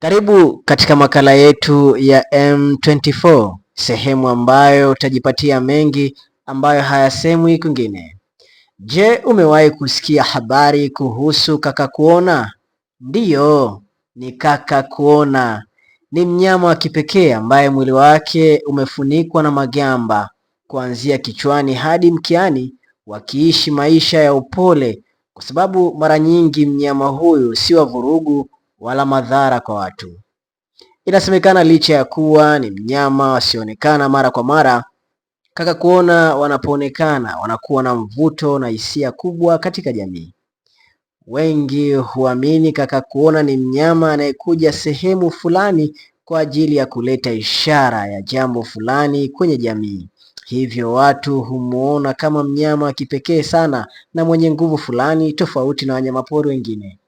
Karibu katika makala yetu ya M24, sehemu ambayo utajipatia mengi ambayo hayasemwi kwingine. Je, umewahi kusikia habari kuhusu kaka kuona? Ndiyo, ni kaka kuona. Ni mnyama wa kipekee ambaye mwili wake umefunikwa na magamba kuanzia kichwani hadi mkiani, wakiishi maisha ya upole, kwa sababu mara nyingi mnyama huyu si wa vurugu wala madhara kwa watu. Inasemekana licha ya kuwa ni mnyama wasioonekana mara kwa mara, kaka kuona wanapoonekana wanakuwa na mvuto na hisia kubwa katika jamii. Wengi huamini kaka kuona ni mnyama anayekuja sehemu fulani kwa ajili ya kuleta ishara ya jambo fulani kwenye jamii. Hivyo watu humuona kama mnyama wa kipekee sana na mwenye nguvu fulani tofauti na wanyamapori wengine.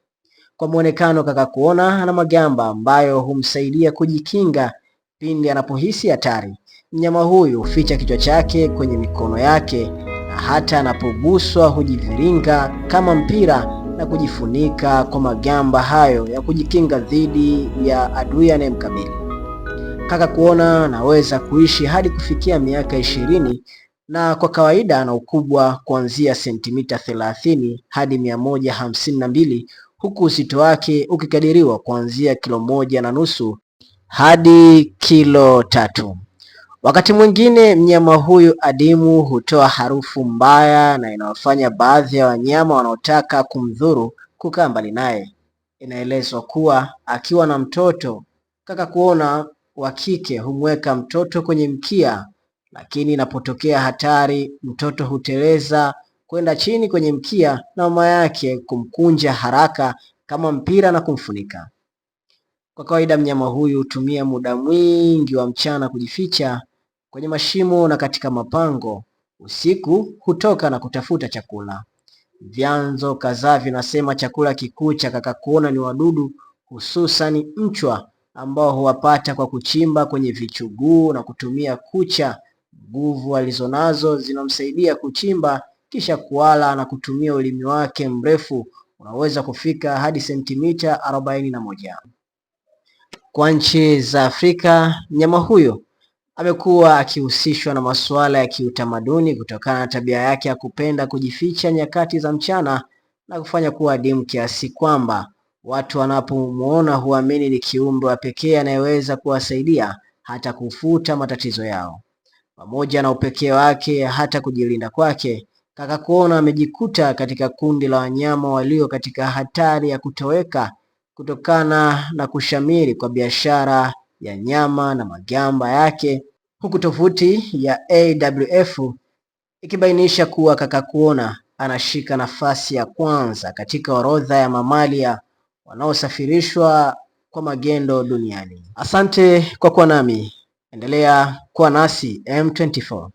Kwa mwonekano Kakakuona ana magamba ambayo humsaidia kujikinga pindi anapohisi hatari. Mnyama huyu huficha kichwa chake kwenye mikono yake na hata anapoguswa hujiviringa kama mpira na kujifunika kwa magamba hayo ya kujikinga dhidi ya adui anayemkabili. Kakakuona anaweza kuishi hadi kufikia miaka ishirini na kwa kawaida ana ukubwa kuanzia sentimita thelathini hadi mia moja hamsini na mbili huku uzito wake ukikadiriwa kuanzia kilo moja na nusu hadi kilo tatu. Wakati mwingine mnyama huyu adimu hutoa harufu mbaya na inawafanya baadhi ya wanyama wanaotaka kumdhuru kukaa mbali naye. Inaelezwa kuwa akiwa na mtoto kaka kuona wa kike humweka mtoto kwenye mkia, lakini inapotokea hatari mtoto huteleza kwenda chini kwenye mkia na mama yake kumkunja haraka kama mpira na kumfunika. Kwa kawaida mnyama huyu hutumia muda mwingi wa mchana kujificha kwenye mashimo na katika mapango. Usiku hutoka na kutafuta chakula. Vyanzo kadhaa vinasema chakula kikuu cha kakakuona ni wadudu, hususani mchwa ambao huwapata kwa kuchimba kwenye vichuguu na kutumia kucha. Nguvu alizonazo zinamsaidia kuchimba kisha kuala na kutumia ulimi wake mrefu unaoweza kufika hadi sentimita arobaini na moja. Kwa nchi za Afrika, mnyama huyo amekuwa akihusishwa na masuala ya kiutamaduni kutokana na tabia yake ya kupenda kujificha nyakati za mchana na kufanya kuwa adimu kiasi kwamba watu wanapomuona huamini ni kiumbe wa pekee anayeweza kuwasaidia hata kufuta matatizo yao. Pamoja na upekee wake, hata kujilinda kwake Kaka Kuona amejikuta katika kundi la wanyama walio katika hatari ya kutoweka kutokana na kushamiri kwa biashara ya nyama na magamba yake, huku tovuti ya AWF ikibainisha kuwa Kaka Kuona anashika nafasi ya kwanza katika orodha ya mamalia wanaosafirishwa kwa magendo duniani. Asante kwa kuwa nami, endelea kuwa nasi M24.